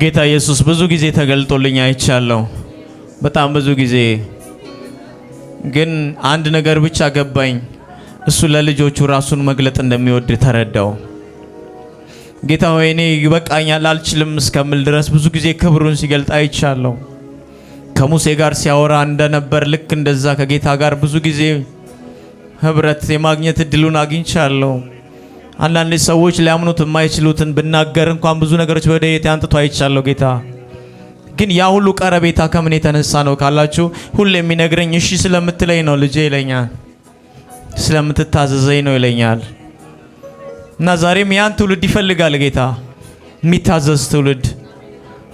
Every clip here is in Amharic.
ጌታ ኢየሱስ ብዙ ጊዜ ተገልጦልኝ አይቻለሁ፣ በጣም ብዙ ጊዜ። ግን አንድ ነገር ብቻ ገባኝ፣ እሱ ለልጆቹ ራሱን መግለጥ እንደሚወድ ተረዳው። ጌታ ሆይ እኔ ይበቃኛል አልችልም እስከምል ድረስ ብዙ ጊዜ ክብሩን ሲገልጥ አይቻለሁ። ከሙሴ ጋር ሲያወራ እንደነበር ልክ እንደዛ ከጌታ ጋር ብዙ ጊዜ ህብረት የማግኘት እድሉን አግኝቻለሁ። አንዳንድ ሰዎች ሊያምኑት የማይችሉትን ብናገር እንኳን ብዙ ነገሮች ወደ የት አንጥቶ አይቻለሁ። ጌታ ግን ያ ሁሉ ቀረቤታ ከምን የተነሳ ነው ካላችሁ ሁሉ የሚነግረኝ እሺ ስለምትለኝ ነው ልጄ ይለኛል፣ ስለምትታዘዘኝ ነው ይለኛል። እና ዛሬም ያን ትውልድ ይፈልጋል ጌታ የሚታዘዝ ትውልድ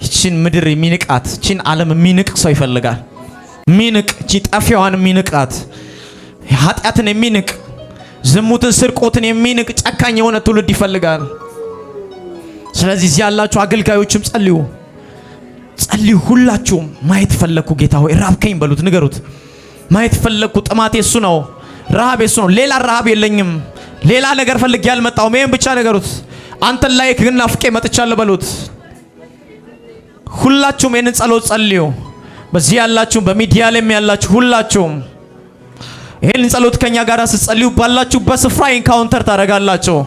ይችን ምድር የሚንቃት ይችን ዓለም የሚንቅ ሰው ይፈልጋል። ሚንቅ ጠፊዋን የሚንቃት ኃጢአትን የሚንቅ ዝሙትን፣ ስርቆትን የሚንቅ ጨካኝ የሆነ ትውልድ ይፈልጋል። ስለዚህ እዚህ ያላችሁ አገልጋዮችም ጸልዩ፣ ጸልዩ። ሁላችሁም ማየት ፈለግኩ ጌታ ሆይ ራብከኝ በሉት፣ ንገሩት። ማየት ፈለግኩ፣ ጥማቴ እሱ ነው፣ ረሃብ እሱ ነው። ሌላ ረሃብ የለኝም፣ ሌላ ነገር ፈልጌ ያልመጣሁም፣ ይህም ብቻ ንገሩት። አንተን ላይ ግን ናፍቄ መጥቻለሁ በሉት። ሁላችሁም ይህንን ጸሎት ጸልዩ። በዚህ ያላችሁም በሚዲያ ላይም ያላችሁ ሁላችሁም ይህን ጸሎት ከኛ ጋር ስትጸልዩ ባላችሁበት ስፍራ ኢንካውንተር ታደርጋላችሁ።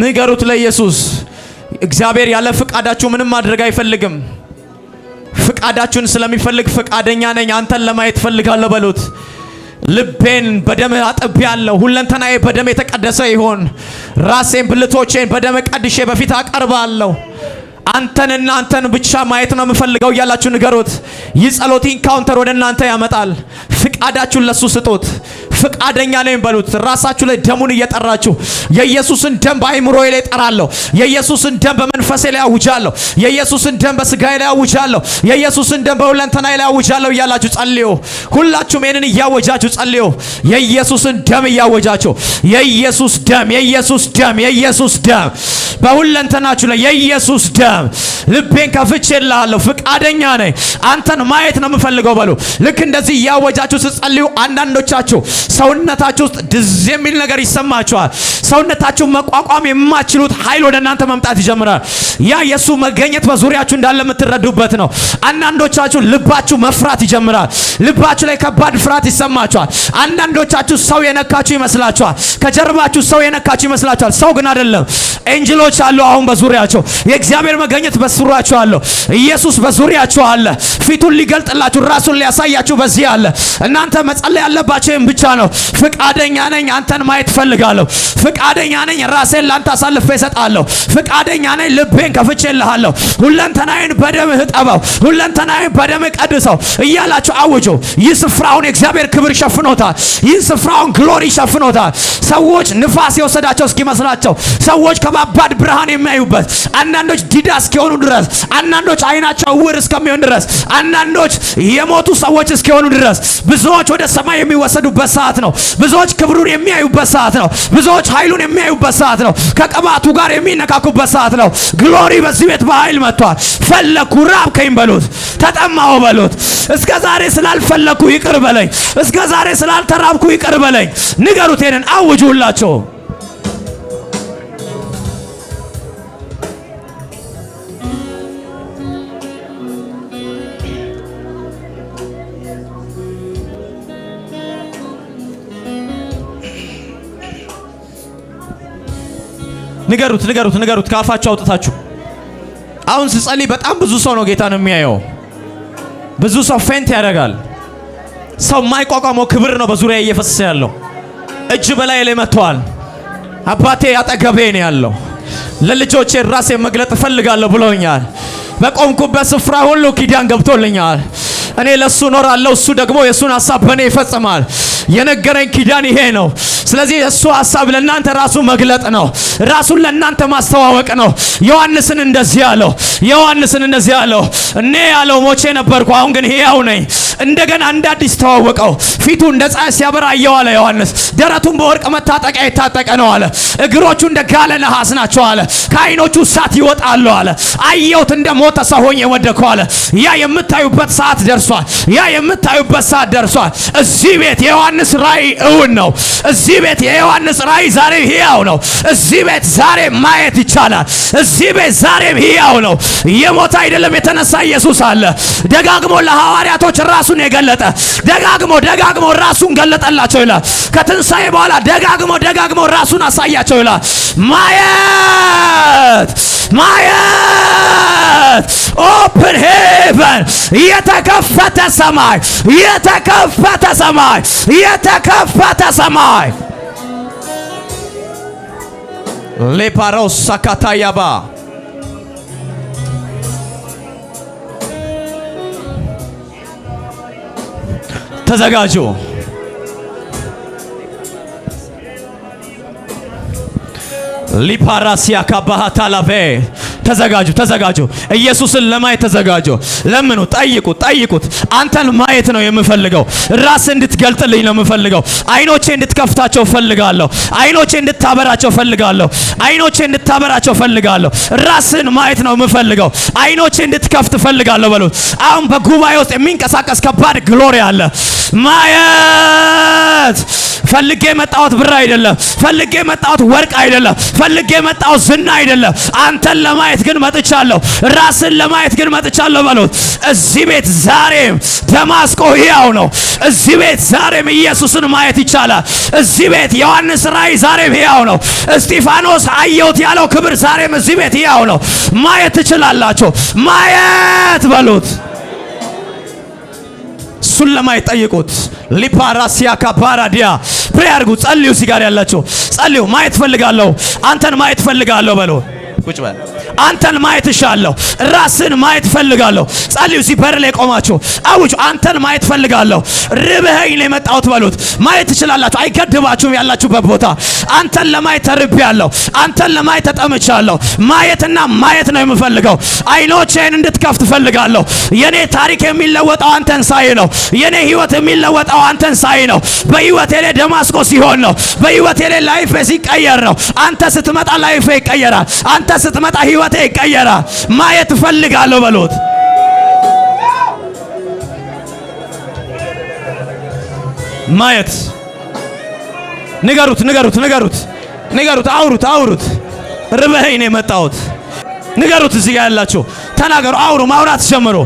ንገሩት ለኢየሱስ። እግዚአብሔር ያለ ፍቃዳችሁ ምንም ማድረግ አይፈልግም። ፍቃዳችሁን ስለሚፈልግ ፍቃደኛ ነኝ አንተን ለማየት ፈልጋለሁ በሉት። ልቤን በደም ያለው ሁለንተናዬ በደም የተቀደሰ ይሆን። ራሴን ብልቶቼን በደም ቀድሼ በፊት አቀርባለሁ። አንተን እናንተን ብቻ ማየት ነው የምፈልገው እያላችሁ ንገሩት። ይህ ጸሎቲን ካውንተር ወደ እናንተ ያመጣል። ፍቃዳችሁን ለሱ ስጡት። ፍቃደኛ ነኝ በሉት። ራሳችሁ ላይ ደሙን እየጠራችሁ የኢየሱስን ደም በአይምሮዬ ላይ ጠራለሁ። የኢየሱስን ደም በመንፈሴ ላይ አውጃለሁ። የኢየሱስን ደም በስጋዬ ላይ አውጃለሁ። የኢየሱስን ደም በሁለንተናዬ ላይ አውጃለሁ እያላችሁ ጸልዩ። ሁላችሁም ይህንን እያወጃችሁ ጸልዩ። የኢየሱስን ደም እያወጃችሁ የኢየሱስ ደም የኢየሱስ ደም የኢየሱስ ደም በሁለንተናችሁ ላይ የኢየሱስ ደም ልቤን ከፍቼ ፍቃደኛ ነኝ፣ አንተን ማየት ነው የምፈልገው በሉ። ልክ እንደዚህ እያወጃችሁ ስትጸልዩ አንዳንዶቻችሁ ሰውነታችሁ ውስጥ ድዝ የሚል ነገር ይሰማችኋል። ሰውነታችሁ መቋቋም የማችሉት ኃይል ወደ እናንተ መምጣት ይጀምራል። ያ የእሱ መገኘት በዙሪያችሁ እንዳለ የምትረዱበት ነው። አንዳንዶቻችሁ ልባችሁ መፍራት ይጀምራል። ልባችሁ ላይ ከባድ ፍርሃት ይሰማችኋል። አንዳንዶቻችሁ ሰው የነካችሁ ይመስላችኋል። ከጀርባችሁ ሰው የነካችሁ ይመስላችኋል። ሰው ግን አይደለም። ኤንጅሎች አሉ። አሁን በዙሪያቸው የእግዚአብሔር መገኘት በዙሪያቸው አለ። ኢየሱስ በዙሪያቸው አለ። ፊቱን ሊገልጥላችሁ ራሱን ሊያሳያችሁ በዚህ አለ። እናንተ መጸለይ ያለባቸው ብቻ ነው። ነው። ፍቃደኛ ነኝ አንተን ማየት ፈልጋለሁ። ፍቃደኛ ነኝ ራሴን ላንተ አሳልፌ እሰጣለሁ። ፍቃደኛ ነኝ ልቤን ከፍቼልሃለሁ። ሁለንተናዬን በደም እጠበው፣ ሁለንተናዬን በደም ቀድሰው እያላችሁ አውጆ። ይህ ስፍራውን የእግዚአብሔር ክብር ሸፍኖታል። ይህ ስፍራውን ግሎሪ ሸፍኖታል። ሰዎች ንፋስ የወሰዳቸው እስኪመስላቸው ሰዎች ከባባድ ብርሃን የሚያዩበት አንዳንዶች ዲዳ እስኪሆኑ ድረስ አንዳንዶች አይናቸው እውር እስከሚሆን ድረስ አንዳንዶች የሞቱ ሰዎች እስኪሆኑ ድረስ ብዙዎች ወደ ሰማይ የሚወሰዱበት ሰዓት ሰዓት ነው። ብዙዎች ክብሩን የሚያዩበት ሰዓት ነው። ብዙዎች ኃይሉን የሚያዩበት ሰዓት ነው። ከቅባቱ ጋር የሚነካኩበት ሰዓት ነው። ግሎሪ በዚህ ቤት በኃይል መጥቷል። ፈለኩ ራብከኝ በሉት፣ ተጠማው በሉት። እስከ ዛሬ ስላልፈለኩ ይቅር በለኝ፣ እስከ ዛሬ ስላልተራብኩ ይቅር በለኝ። ንገሩት፣ ይሄንን አውጁላቸው። ንገሩት፣ ንገሩት፣ ንገሩት ከአፋችሁ አውጥታችሁ። አሁን ስጸልይ በጣም ብዙ ሰው ነው ጌታን የሚያየው። ብዙ ሰው ፌንት ያደርጋል። ሰው የማይቋቋመው ክብር ነው በዙሪያ እየፈሰሰ ያለው። እጅ በላይ ላይ መጥተዋል። አባቴ አጠገቤ ነው ያለው። ለልጆቼ ራሴ መግለጥ እፈልጋለሁ ብሎኛል። በቆምኩበት ስፍራ ሁሉ ኪዳን ገብቶልኛል። እኔ ለሱ እኖራለሁ፣ እሱ ደግሞ የእሱን ሀሳብ በእኔ ይፈጽማል። የነገረኝ ኪዳን ይሄ ነው። ስለዚህ እሱ ሀሳብ ለእናንተ ራሱ መግለጥ ነው፣ ራሱን ለእናንተ ማስተዋወቅ ነው። ዮሐንስን እንደዚህ አለው ዮሐንስን እንደዚህ አለው እኔ ያለው ሞቼ ነበርኩ፣ አሁን ግን ሕያው ነኝ እንደገና እንደ አዲስ ተዋወቀው። ፊቱ እንደ ፀሐይ ሲያበራ አየው አለ ዮሐንስ። ደረቱን በወርቅ መታጠቂያ የታጠቀ ነው አለ። እግሮቹ እንደ ጋለ ነሐስ ናቸው አለ። ከዓይኖቹ እሳት ይወጣሉ አለ። አየሁት እንደ ሞተ ሰው ሆኜ ወደቅሁ አለ። ያ የምታዩበት ሰዓት ደርሷል። ያ የምታዩበት ሰዓት ደርሷል። እዚህ ቤት የዮሐንስ ራእይ እውን ነው። እዚህ ቤት የዮሐንስ ራእይ ዛሬ ሕያው ነው። እዚህ ቤት ዛሬ ማየት ይቻላል። እዚህ ቤት ዛሬም ሕያው ነው። የሞተ አይደለም የተነሳ ኢየሱስ አለ። ደጋግሞ ለሐዋርያቶች ራሱ ራሱን የገለጠ ደጋግሞ ደጋግሞ ራሱን ገለጠላቸው ይላል። ከትንሣኤ በኋላ ደጋግሞ ደጋግሞ ራሱን አሳያቸው ይላል። ማየት ማየት ኦፕን ሄቨን የተከፈተ ሰማይ የተከፈተ ሰማይ የተከፈተ ሰማይ ሌፓሮስ ሳካታያባ ተዘጋጁ። ሊፓራሲያ ካባሃታላቬ ተዘጋጁ፣ ተዘጋጁ። ኢየሱስን ለማየት ተዘጋጁ። ለምኑ፣ ጠይቁት፣ ጠይቁት። አንተን ማየት ነው የምፈልገው። ራስ እንድትገልጥልኝ ነው የምፈልገው። አይኖቼ እንድትከፍታቸው ፈልጋለሁ። አይኖቼ እንድታበራቸው ፈልጋለሁ። አይኖቼ እንድታበራቸው ፈልጋለሁ። ራስን ማየት ነው የምፈልገው። አይኖቼ እንድትከፍት ፈልጋለሁ በሉት። አሁን በጉባኤ ውስጥ የሚንቀሳቀስ ከባድ ግሎሪ አለ ማየት ፈልጌ የመጣሁት ብር አይደለም፣ ፈልጌ የመጣሁት ወርቅ አይደለም፣ ፈልጌ የመጣሁት ዝና አይደለም። አንተን ለማየት ግን መጥቻለሁ። ራስን ለማየት ግን መጥቻለሁ በሉት። እዚህ ቤት ዛሬም ደማስቆ ሕያው ነው። እዚህ ቤት ዛሬም ኢየሱስን ማየት ይቻላል። እዚህ ቤት ዮሐንስ ራእይ ዛሬም ሕያው ነው። እስጢፋኖስ አየሁት ያለው ክብር ዛሬም እዚህ ቤት ሕያው ነው። ማየት ትችላላችሁ። ማየት በሉት። እሱን ለማየት ጠይቁት። ሊፓራሲያ ካፓራዲያ ፕሬ አድርጉ፣ ጸልዩ። ሲጋር ያላችሁ ጸልዩ። ማየት ፈልጋለሁ፣ አንተን ማየት ፈልጋለሁ በሉ። ቁጭ በል። አንተን ማየት እሻለሁ። ራስን ማየት ፈልጋለሁ። ጸልዩ። ሲበር ላይ ቆማችሁ አውጭ አንተን ማየት ፈልጋለሁ። ርብህኝ ነው የመጣሁት በሉት። ማየት ትችላላችሁ። አይገድባችሁም። ያላችሁበት ቦታ አንተን ለማየት ተርቤያለሁ። አንተን ለማየት ተጠምቻለሁ። ማየትና ማየት ነው የምፈልገው። አይኖቼን እንድትከፍት ፈልጋለሁ። የኔ ታሪክ የሚለወጠው አንተን ሳይ ነው። የኔ ህይወት የሚለወጠው አንተን ሳይ ነው። በህይወቴ ላይ ደማስቆ ሲሆን ነው። በህይወቴ ላይ ላይፌ ሲቀየር ነው። አንተ ስትመጣ ላይፌ ይቀየራል። አንተ ስትመጣ ህይወት ህይወቴ ይቀየራ ማየት እፈልጋለሁ በሎት። ማየት ንገሩት፣ ንገሩት፣ ንገሩት፣ ንገሩት። አውሩት፣ አውሩት። ርበኸኝ ነው የመጣሁት። ንገሩት፣ እዚህ ጋር ያላችሁ ተናገሩ፣ አውሩ፣ ማውራት ጀምሮ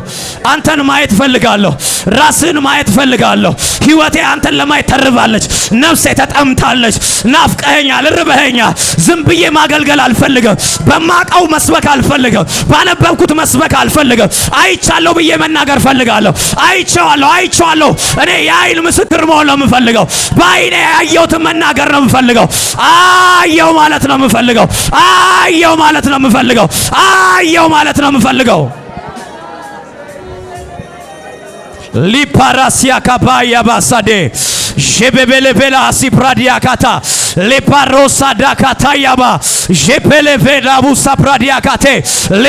አንተን ማየት እፈልጋለሁ። ራስን ማየት ፈልጋለሁ። ህይወቴ አንተን ለማየት ተርባለች። ነፍሴ ተጠምታለች። ናፍቀኸኛል፣ ርበኸኛል። ዝም ብዬ ማገልገል አልፈልገም። በማቀው መስበክ አልፈልገም። ባነበብኩት መስበክ አልፈልገም። አይቻለሁ ብዬ መናገር ፈልጋለሁ። አይቼዋለሁ፣ አይቼዋለሁ። እኔ የአይን ምስክር መሆን ነው የምፈልገው። በአይኔ ያየሁትን መናገር ነው የምፈልገው። አየው ማለት ነው የምፈልገው። አየው ማለት ነው የምፈልገው። አየው ማለት ነው የምፈልገው። liparasia kabaya basade jebebelebela asipradia leparosa dakatayaba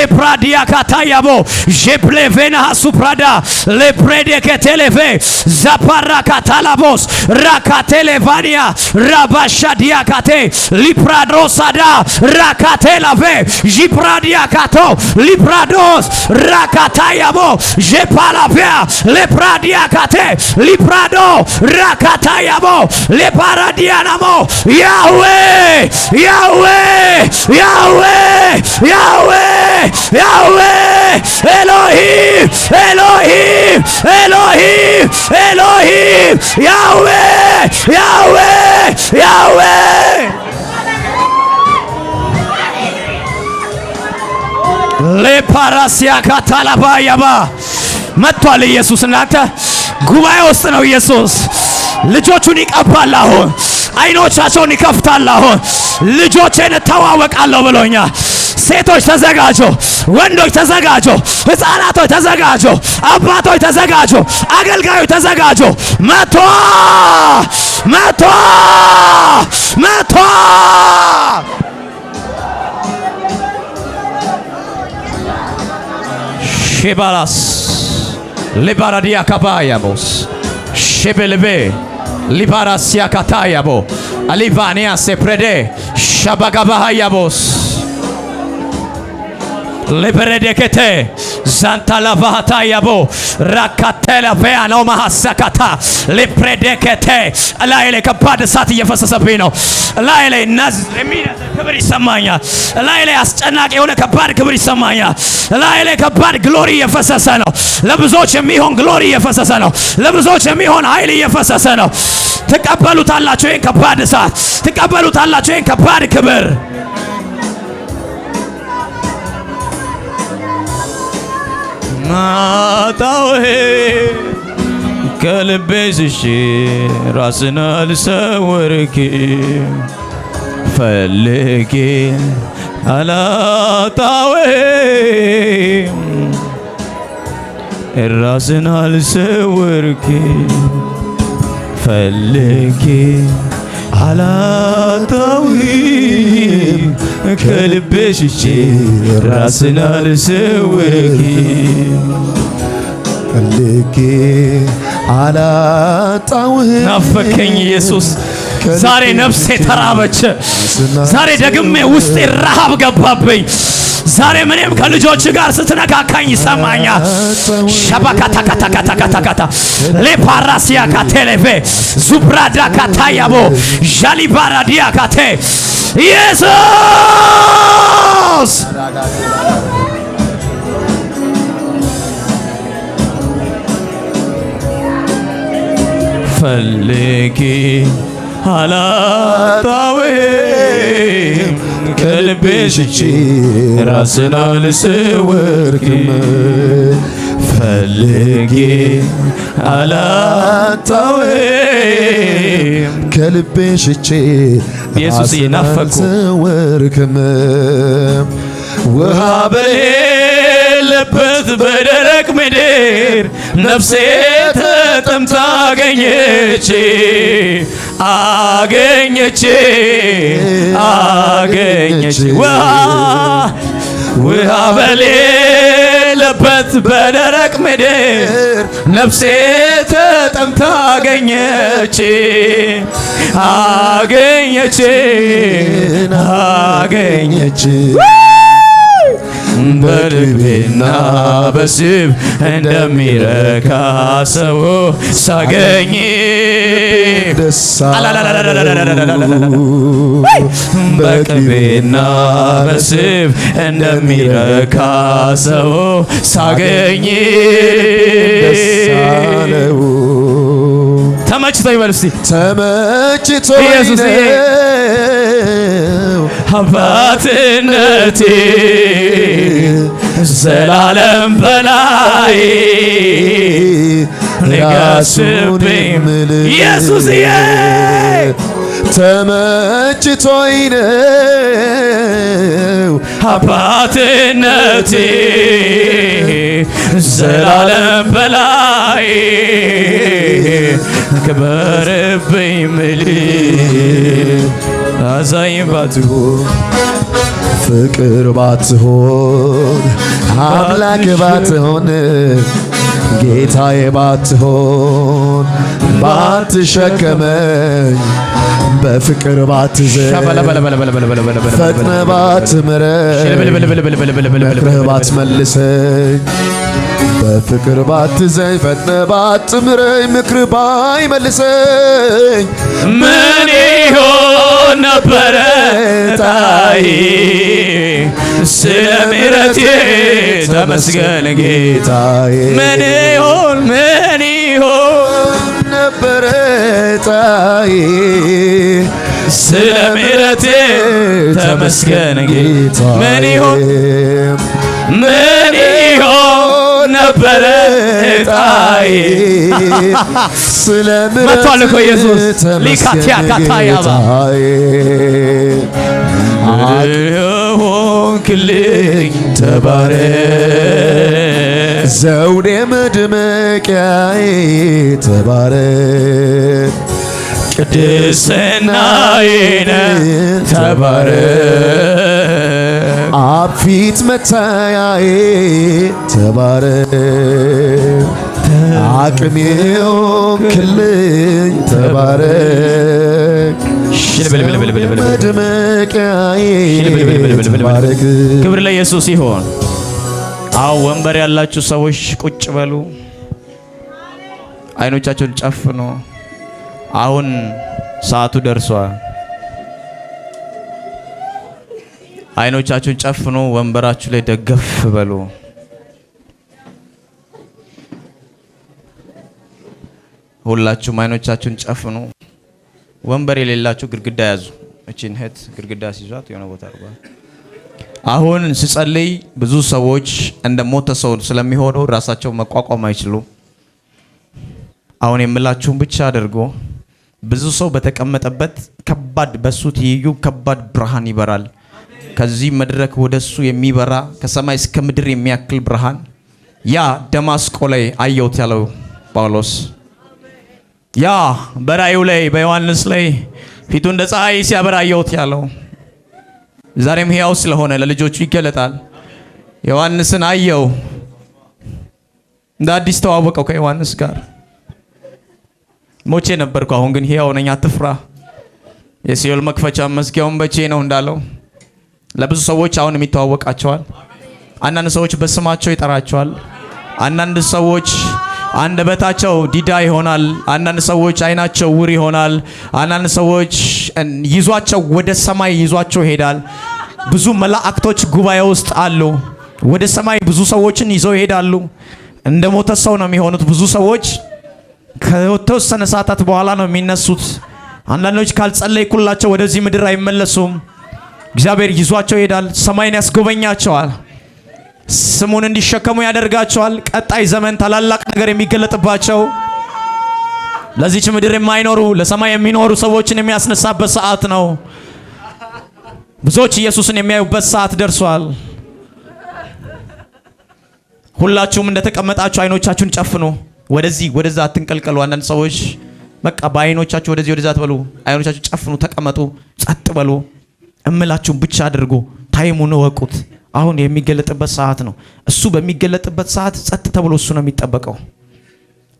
pradiakatayabo J'ai lepradiakatayabo na suprada lepredeketeleve zaparakatalabos rakatelevania rabashadiakate lipradosada rakatelave jipradiakato liprados rakatayabo Pradiakate, lepradiakate liprado rakatayabo Paradianamo. ያዌ ያዌ ያዌ ያዌ ያዌ ኤሎሂም ኤሎሂም ኤሎሂም ኤሎሂም ያዌ ያዌ ያዌ ሌፓራሲያ ካታላባ ያባ መጥቷል ኢየሱስ። እናንተ ጉባኤ ውስጥ ነው ኢየሱስ። ልጆቹን ይቀባል አሁን አይኖቻቸውን ይከፍታል። አሁን ልጆቼን እተዋወቃለሁ ብሎኛል። ሴቶች ተዘጋጁ፣ ወንዶች ተዘጋጁ፣ ሕፃናቶች ተዘጋጁ፣ አባቶች ተዘጋጁ፣ አገልጋዮች ተዘጋጁ። መቶ መቶ መቶ ሺባላስ ሊባራዲያ ካባያቦስ ሺብልቤ libarasia katayabo alivania seprede shabagabahayabos liberedekete ዛንታላቫታ የቦ ራካቴለቬያ ነው መሐሰካታ ሊፕሬዴኬቴ ላይ ላይ ከባድ እሳት እየፈሰሰብኝ ነው። ላይ ላይ ናዝ የሚነዝር ክብር ይሰማኛል። ላይ ላይ አስጨናቂ የሆነ ከባድ ክብር ይሰማኛል። ላይ ላይ ከባድ ግሎሪ እየፈሰሰ ነው። ለብዙዎች የሚሆን ግሎሪ እየፈሰሰ ነው። ለብዙዎች የሚሆን ኃይል እየፈሰሰ ነው። ትቀበሉታላችሁ ይህን ከባድ እሳት፣ ትቀበሉታላችሁ ይህን ከባድ ክብር ማጣው ከልቤ ስሽ ራስን አልሰወርክ ፈልጌ አላጣው ራስን አልሰወርክ ፈልጌ አላጣዊም ከልቤ ሽቼ ራስን አልሰወኪ ልኬ አላጣውህ ናፈከኝ ኢየሱስ። ዛሬ ነፍሴ ተራበች። ዛሬ ደግሜ ውስጤ ረሃብ ገባብኝ። ዛሬ ምንም ከልጆች ጋር ስትነካካኝ ይሰማኛል። ሸባካታካታካታካታ ሌፓራሲያ ካቴሌፌ ዙብራዳ ካታያቦ ዣሊባራዲያ ካቴ ኢየሱስ ፈልጌ አላጣዌ ከልቤ ሽቺ ራስን አልሰወርክም ፈልጌ አላጣውም ከልቤ ሽቼ ኢየሱስ ይናፈቁ ውሃ በሌለበት በደረቅ ምድር ነፍሴ ተጠምታ አገኘች አገኘች አገኘች ውሃ በሌለበት በደረቅ ምድር ነፍሴ ተጠምታ አገኘች አገኘች አገኘች በልቤና በስብ እንደሚረካ ሰው ሳገኝ በቅቤና በስብ እንደሚረካ ሰው ሳገኝ ተመችቶ ይበል እስቲ ተመችቶ ኢየሱስ አባትነቴ ዘላለም በላይ ንገስብኝ ኢየሱስዬ ተመችቶኝ ነው አባትነቴ ዘላለም በላይ ክበርብኝ ምል አዛኝ ባትሆን ፍቅር ባትሆን አምላክ ባትሆን ጌታዬ ባትሆን ባትሸከመኝ በፍቅር ባትዘን ፈጥነ ባትምረኝ መክረህ ባትመልሰኝ በፍቅር ባትዘኝ ፈጥነ ባትምረኝ ምክር ባይመልሰኝ ምን ይሆን ነበረ ታይ ስለ ምሕረቴ ተመስገን ጌታዬ። ምን ይሆን ምን ይሆን ነበረ ታይ ስለ ምሕረቴ ተመስገን ጌታዬ። ምን ይሆን ምን ጌታዬ ስለመቷል እኮ ኢየሱስ ሊካቲያ ካታያባ ሆንክልኝ ተባረክ ዘውዴ መድመቂያዬ ተባረክ ቅድስናዬን ተባረክ አፊት ፊት መታያዬ ተባረክ አቅሜው ክልኝ ተባረክ መድመቂያዬ ክብር ለኢየሱስ ይሆን። አዎ ወንበር ያላችሁ ሰዎች ቁጭ በሉ። አይኖቻችሁን ጨፍኑ። አሁን ሰዓቱ ደርሷል። አይኖቻችሁን ጨፍኖ ወንበራችሁ ላይ ደገፍ በሉ። ሁላችሁም አይኖቻችሁን ጨፍኑ። ወንበር የሌላችሁ ግድግዳ ያዙ። እቺን እህት ግድግዳ ሲይዟት የሆነ ቦታ አርጓል። አሁን ስጸልይ ብዙ ሰዎች እንደ ሞተ ሰው ስለሚሆኑ ራሳቸው መቋቋም አይችሉም። አሁን የምላችሁን ብቻ አድርጎ ብዙ ሰው በተቀመጠበት ከባድ በሱ ትይዩ ከባድ ብርሃን ይበራል። ከዚህ መድረክ ወደ እሱ የሚበራ ከሰማይ እስከ ምድር የሚያክል ብርሃን ያ ደማስቆ ላይ አየሁት ያለው ጳውሎስ ያ በራዩ ላይ በዮሐንስ ላይ ፊቱ እንደ ፀሐይ ሲያበራ አየሁት ያለው ዛሬም ሕያው ስለሆነ ለልጆቹ ይገለጣል። ዮሐንስን አየው፣ እንደ አዲስ ተዋወቀው ከዮሐንስ ጋር። ሞቼ ነበርኩ፣ አሁን ግን ሕያው ነኝ፣ አትፍራ፣ የሲኦል መክፈቻ መዝጊያውን በቼ ነው እንዳለው ለብዙ ሰዎች አሁን የሚተዋወቃቸዋል። አንዳንድ ሰዎች በስማቸው ይጠራቸዋል። አንዳንድ ሰዎች አንደበታቸው ዲዳ ይሆናል። አንዳንድ ሰዎች አይናቸው ውር ይሆናል። አንዳንድ ሰዎች ይዟቸው ወደ ሰማይ ይዟቸው ይሄዳል። ብዙ መላእክቶች ጉባኤ ውስጥ አሉ። ወደ ሰማይ ብዙ ሰዎችን ይዘው ይሄዳሉ። እንደ ሞተ ሰው ነው የሚሆኑት። ብዙ ሰዎች ከተወሰነ ሰዓታት በኋላ ነው የሚነሱት። አንዳንዶች ካልጸለይኩላቸው ወደዚህ ምድር አይመለሱም። እግዚአብሔር ይዟቸው ይሄዳል። ሰማይን ያስጎበኛቸዋል። ስሙን እንዲሸከሙ ያደርጋቸዋል። ቀጣይ ዘመን ታላላቅ ነገር የሚገለጥባቸው ለዚች ምድር የማይኖሩ ለሰማይ የሚኖሩ ሰዎችን የሚያስነሳበት ሰዓት ነው። ብዙዎች ኢየሱስን የሚያዩበት ሰዓት ደርሷል። ሁላችሁም እንደተቀመጣችሁ አይኖቻችሁን ጨፍኑ። ወደዚህ ወደዛ አትንቀልቀሉ። አንዳንድ ሰዎች በቃ በአይኖቻችሁ ወደዚህ ወደዛ አትበሉ። አይኖቻችሁ ጨፍኑ፣ ተቀመጡ፣ ጸጥ በሉ። እምላችሁን ብቻ አድርጎ ታይሙን እወቁት። አሁን የሚገለጥበት ሰዓት ነው። እሱ በሚገለጥበት ሰዓት ጸጥ ተብሎ እሱ ነው የሚጠበቀው።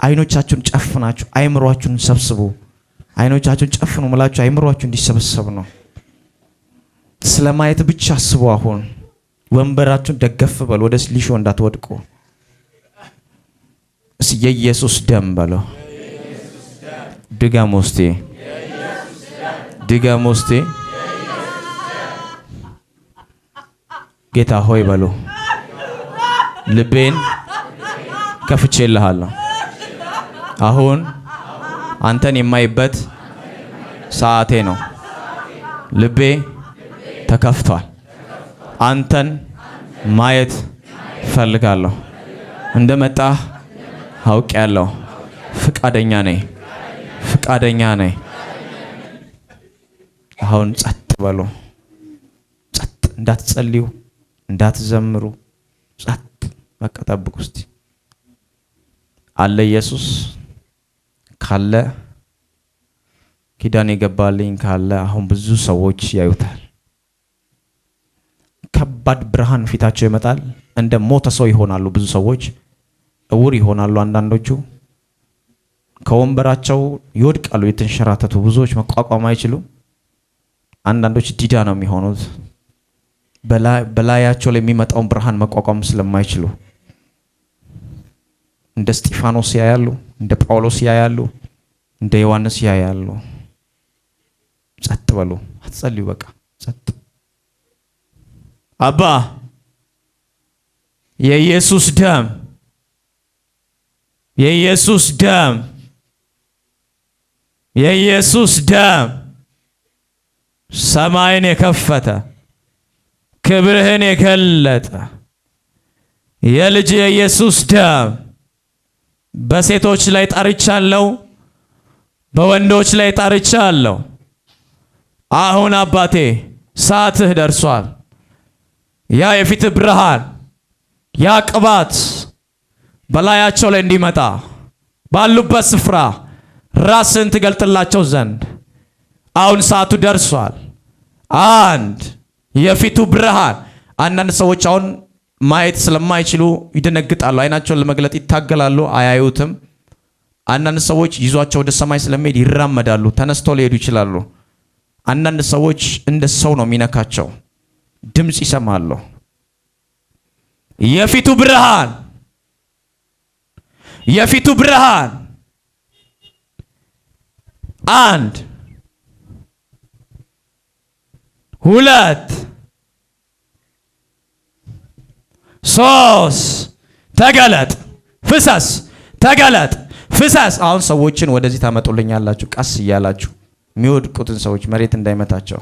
አይኖቻችሁን ጨፍናችሁ አይምሯችሁን ሰብስቡ። አይኖቻችሁን ጨፍኑ ምላችሁ አይምሯችሁ እንዲሰበሰብ ነው። ስለ ማየት ብቻ አስቡ። አሁን ወንበራችሁን ደገፍ በሉ፣ ወደ ሊሾ እንዳትወድቁ። የኢየሱስ ደም በለው። ድጋም ውስጤ ጌታ ሆይ በሉ። ልቤን ከፍቼልሃለሁ። አሁን አንተን የማይበት ሰዓቴ ነው። ልቤ ተከፍቷል። አንተን ማየት እፈልጋለሁ። እንደመጣህ አውቄያለሁ። ፍቃደኛ ነኝ፣ ፍቃደኛ ነኝ። አሁን ጸጥ በሉ፣ ጸጥ እንዳትጸልዩ እንዳትዘምሩ ጸጥ በቃ ጠብቁ። እስቲ አለ ኢየሱስ ካለ ኪዳን የገባልኝ ካለ አሁን ብዙ ሰዎች ያዩታል። ከባድ ብርሃን ፊታቸው ይመጣል። እንደ ሞተ ሰው ይሆናሉ። ብዙ ሰዎች እውር ይሆናሉ። አንዳንዶቹ ከወንበራቸው ይወድቃሉ። የተንሸራተቱ ብዙዎች መቋቋም አይችሉም። አንዳንዶች ዲዳ ነው የሚሆኑት። በላያቸው ላይ የሚመጣውን ብርሃን መቋቋም ስለማይችሉ እንደ እስጢፋኖስ ያያሉ፣ እንደ ጳውሎስ ያያሉ፣ እንደ ዮሐንስ ያያሉ። ጸጥ በሉ፣ አትጸልዩ። በቃ ጸጥ። አባ የኢየሱስ ደም የኢየሱስ ደም የኢየሱስ ደም ሰማይን የከፈተ ክብርህን የገለጠ የልጅ የኢየሱስ ደም በሴቶች ላይ ጠርቻለሁ፣ በወንዶች ላይ ጠርቻለሁ። አሁን አባቴ ሰዓትህ ደርሷል። ያ የፊት ብርሃን ያ ቅባት በላያቸው ላይ እንዲመጣ ባሉበት ስፍራ ራስን ትገልጥላቸው ዘንድ አሁን ሰዓቱ ደርሷል። አንድ የፊቱ ብርሃን። አንዳንድ ሰዎች አሁን ማየት ስለማይችሉ ይደነግጣሉ። አይናቸውን ለመግለጥ ይታገላሉ፣ አያዩትም። አንዳንድ ሰዎች ይዟቸው ወደ ሰማይ ስለሚሄድ ይራመዳሉ፣ ተነስተው ሊሄዱ ይችላሉ። አንዳንድ ሰዎች እንደ ሰው ነው የሚነካቸው፣ ድምፅ ይሰማሉ። የፊቱ ብርሃን የፊቱ ብርሃን አንድ ሁለት ሶስት ተገለጥ፣ ፍሰስ፣ ተገለጥ፣ ፍሰስ። አሁን ሰዎችን ወደዚህ ታመጡልኛላችሁ ቀስ እያላችሁ የሚወድቁትን ሰዎች መሬት እንዳይመታቸው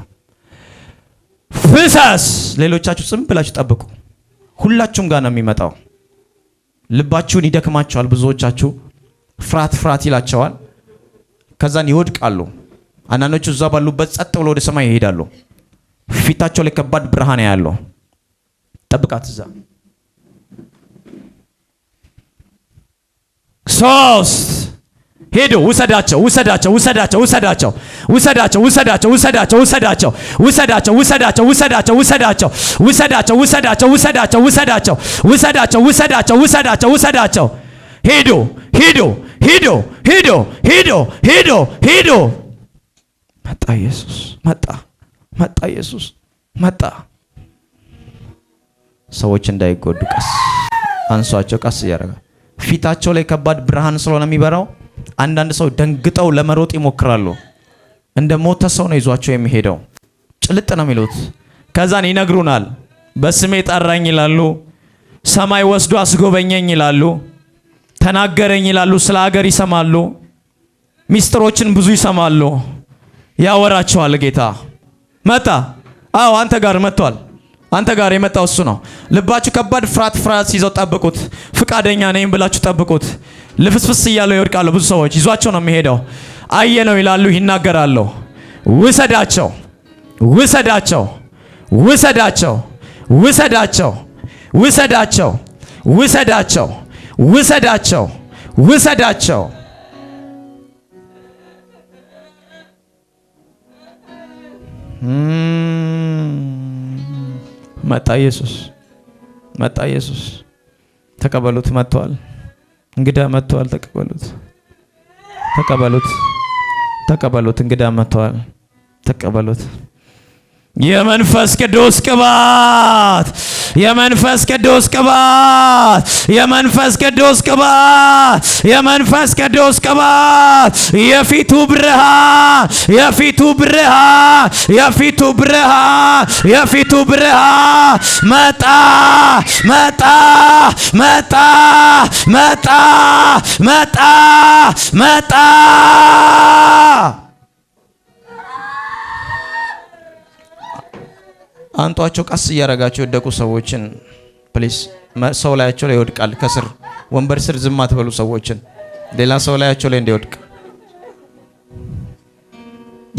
ፍሰስ። ሌሎቻችሁ ጽም ብላችሁ ጠብቁ። ሁላችሁም ጋር ነው የሚመጣው። ልባችሁን ይደክማቸዋል። ብዙዎቻችሁ ፍርሃት ፍርሃት ይላቸዋል። ከዛን ይወድቃሉ። አንዳንዶቹ እዛ ባሉበት ጸጥ ብሎ ወደ ሰማይ ይሄዳሉ። ፊታቸው ላይ ከባድ ብርሃን ያለው ጠብቃት። እዛ ሶስት ሄዱ። ውሰዳቸው፣ ውሰዳቸው፣ ውሰዳቸው፣ ውሰዳቸው፣ ውሰዳቸው፣ ውሰዳቸው፣ ውሰዳቸው፣ ውሰዳቸው፣ ውሰዳቸው፣ ውሰዳቸው፣ ውሰዳቸው፣ ውሰዳቸው፣ ውሰዳቸው፣ ውሰዳቸው፣ ውሰዳቸው፣ ውሰዳቸው፣ ውሰዳቸው፣ ውሰዳቸው፣ ውሰዳቸው፣ ውሰዳቸው። ሄዱ፣ ሄዱ፣ ሄዱ፣ ሄዱ፣ ሄዱ፣ ሄዱ፣ ሄዱ። መጣ ኢየሱስ መጣ። መጣ፣ ኢየሱስ መጣ። ሰዎች እንዳይጎዱ ቀስ አንሷቸው፣ ቀስ እያደረገ ፊታቸው ላይ ከባድ ብርሃን ስለሆነ የሚበራው አንዳንድ ሰው ደንግጠው ለመሮጥ ይሞክራሉ። እንደ ሞተ ሰው ነው ይዟቸው የሚሄደው። ጭልጥ ነው የሚሉት። ከዛን ይነግሩናል። በስሜ ጠራኝ ይላሉ። ሰማይ ወስዶ አስጎበኘኝ ይላሉ። ተናገረኝ ይላሉ። ስለ ሀገር ይሰማሉ። ሚስጥሮችን ብዙ ይሰማሉ። ያወራቸዋል ጌታ መጣ። አዎ አንተ ጋር መጥቷል። አንተ ጋር የመጣው እሱ ነው። ልባችሁ ከባድ ፍርሃት ፍርሃት ይዘው ጠብቁት። ፍቃደኛ ነኝ ብላችሁ ጠብቁት። ልፍስፍስ እያለው ይወድቃሉ ብዙ ሰዎች። ይዟቸው ነው የሚሄደው። አየ ነው ይላሉ፣ ይናገራሉ። ውሰዳቸው፣ ውሰዳቸው፣ ውሰዳቸው፣ ውሰዳቸው፣ ውሰዳቸው፣ ውሰዳቸው፣ ውሰዳቸው፣ ውሰዳቸው መጣ ኢየሱስ መጣ ኢየሱስ። ተቀበሉት። መጥቷል። እንግዳ መጥቷል። ተቀበሉት። ተቀበሉት። ተቀበሉት። እንግዳ መጥቷል። ተቀበሉት። የመንፈስ ቅዱስ ቅባት የመንፈስ ቅዱስ ቅባት የመንፈስ ቅዱስ ቅባት የመንፈስ ቅዱስ ቅባት የፊቱ ብርሃን የፊቱ ብርሃን የፊቱ ብርሃን የፊቱ ብርሃን መጣ መጣ መጣ መጣ መጣ መጣ አንጧቸው። ቀስ እያረጋቸው የወደቁ ሰዎችን ፕሊስ። ሰው ላያቸው ላይ ይወድቃል። ከስር ወንበር ስር ዝም አትበሉ ሰዎችን። ሌላ ሰው ላያቸው ላይ እንዲወድቅ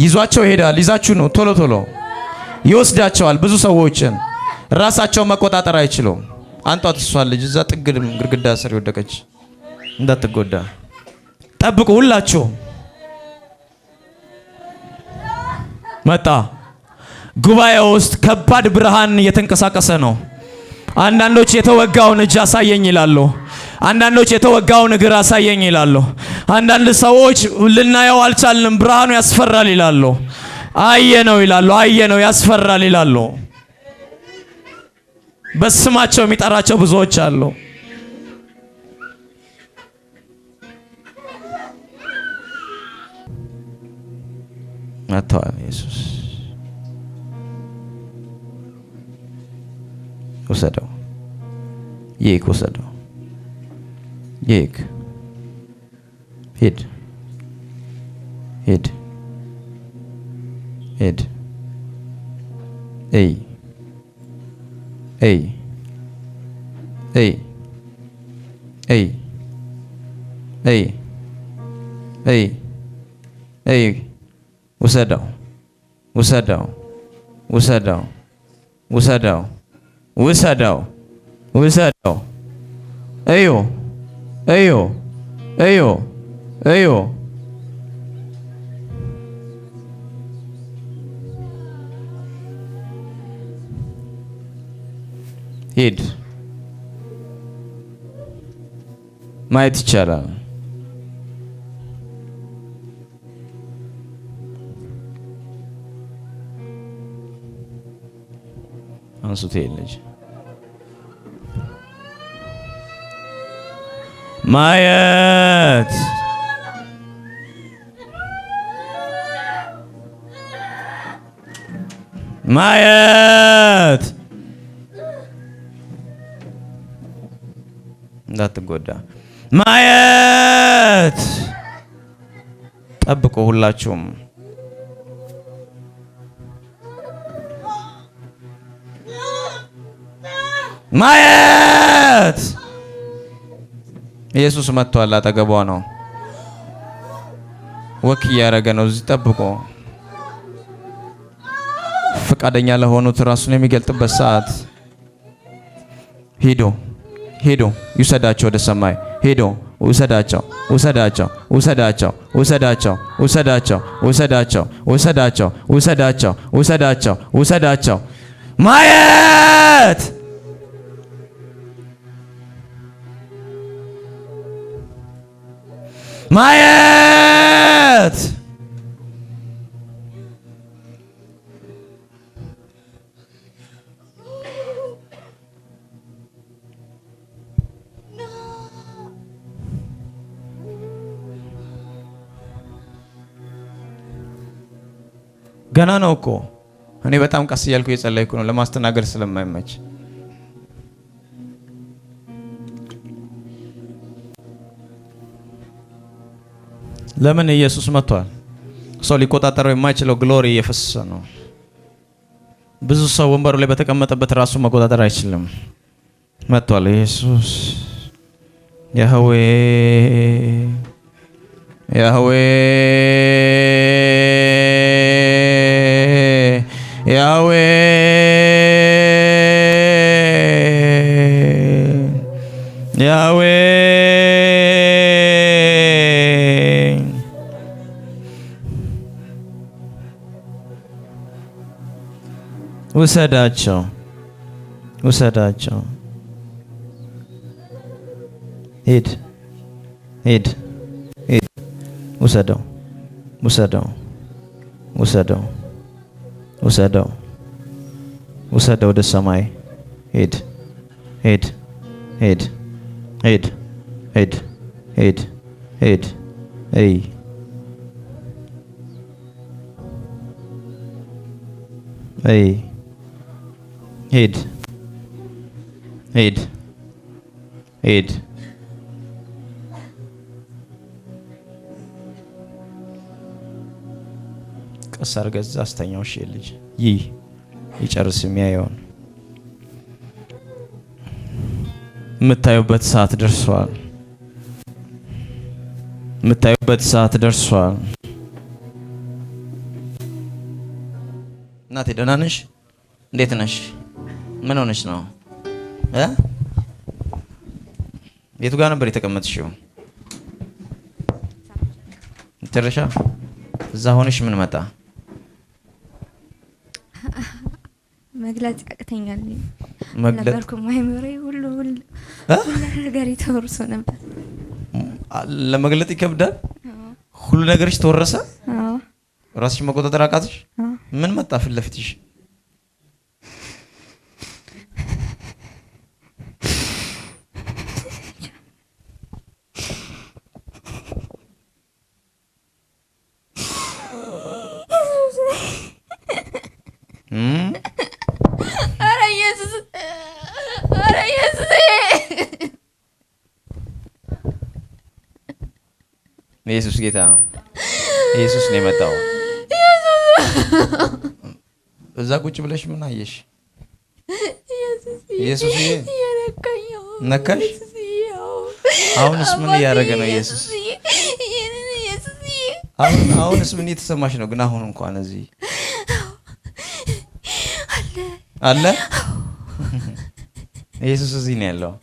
ይዟቸው ይሄዳል። ይዛችሁ ነው ቶሎ ቶሎ ይወስዳቸዋል። ብዙ ሰዎችን ራሳቸው መቆጣጠር አይችሉም። አንጧት። እሷን ልጅ እዛ ጥግድም ግድግዳ ስር ይወደቀች እንዳትጎዳ ጠብቁ። ሁላችሁ መጣ ጉባኤ ውስጥ ከባድ ብርሃን እየተንቀሳቀሰ ነው። አንዳንዶች የተወጋውን እጅ አሳየኝ ይላሉ። አንዳንዶች የተወጋውን እግር አሳየኝ ይላሉ። አንዳንድ ሰዎች ልናየው አልቻልንም፣ ብርሃኑ ያስፈራል ይላሉ። አየ ነው ይላሉ። አየ ነው ያስፈራል ይላሉ። በስማቸው የሚጠራቸው ብዙዎች አሉ። መጥተዋል ኢየሱስ ውሰደው። ይክ ውሰደው። ይክ ሂድ ሂድ ሂድ እይ እይ እይ እይ እይ እይ እይ ውሰደው ውሰደው ውሰደው ውሰደው ውሰደው ውሰደው እዩ እዩ እዩ እዩ ሂድ ማየት ይቻላል። አንሱት ልጅ ማየት ማየት እንዳትጎዳ ማየት ጠብቆ ሁላችሁም ማየት ኢየሱስ መጥቷል። አጠገቧ ነው። ወክ እያደረገ ነው። እዚህ ጠብቆ ፈቃደኛ ለሆኑት ራሱን የሚገልጥበት ሰዓት ሄዶ ሄዶ ይውሰዳቸው ወደ ሰማይ ሄዶ ውሰዳቸው ውሰዳቸው ውሰዳቸው ውሰዳቸው ውሰዳቸው ውሰዳቸው ውሰዳቸው ውሰዳቸው ውሰዳቸው ውሰዳቸው ማየት ማየት ገና ነው እኮ። እኔ በጣም ቀስ እያልኩ እየጸለይኩ ነው ለማስተናገድ ስለማይመች ለምን ኢየሱስ መጥቷል? ሰው ሊቆጣጠረው የማይችለው ግሎሪ እየፈሰሰ ነው። ብዙ ሰው ወንበሩ ላይ በተቀመጠበት ራሱ መቆጣጠር አይችልም። መጥቷል ኢየሱስ። ያህዌ ያህዌ ያህዌ ያህዌ ውሰዳቸው ውሰዳቸው። ሂድ ሂድ ሂድ። ውሰደው ውሰደው ውሰደው ውሰደው ውሰደው ወደ ሰማይ ሂድ ሂድ ሂድ ሂድ ሂድ ሂድ ሂድ እይ እይ ሄድ ሄድ ሄድ ቀስ አድርገህ አስተኛው። እሺ ልጅ ይህ ይጨርስ የሚያየውን የምታዩበት ሰዓት ደርሷል። የምታዩበት ሰዓት ደርሷል። እናቴ ደህና ነሽ? እንዴት ነሽ? ምን ሆነች ነው? የቱ ጋር ነበር የተቀመጥሽው? መጨረሻ እዛ ሆነሽ ምን መጣ? መግለጽ ያቅተኛል። ነገር ተወርሶ ነበር። ለመግለጥ ይከብዳል። ሁሉ ነገርሽ ተወረሰ። ራስሽ መቆጣጠር አቃትሽ። ምን መጣ ፊት ለፊትሽ? ኧረ ኢየሱስ ኧረ ኢየሱስ ኢየሱስ ጌታ ነው። ኢየሱስ ነው የመጣው። እዛ ቁጭ ብለሽ ምን አየሽ? ኢየሱስ ነካሽ? አሁንስ ምን እያደረገ ነው ኢየሱስ? አሁንስ ምን እየተሰማሽ ነው? ግን አሁን እንኳን እዚህ አለ። ኢየሱስ እዚህ ነው ያለው።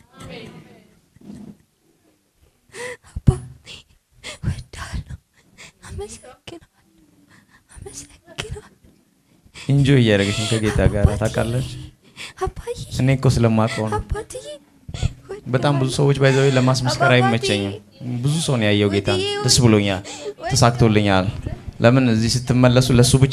እንጆ እያደረገች ከጌታ ጋር ታውቃለች። እኔ እኮ ስለማውቀው ነው። በጣም ብዙ ሰዎች ባይዘው ለማስመስከር አይመቸኝም። ብዙ ሰው ነው ያየው ጌታ። ደስ ብሎኛል፣ ተሳክቶልኛል። ለምን እዚህ ስትመለሱ ለሱ ብቻ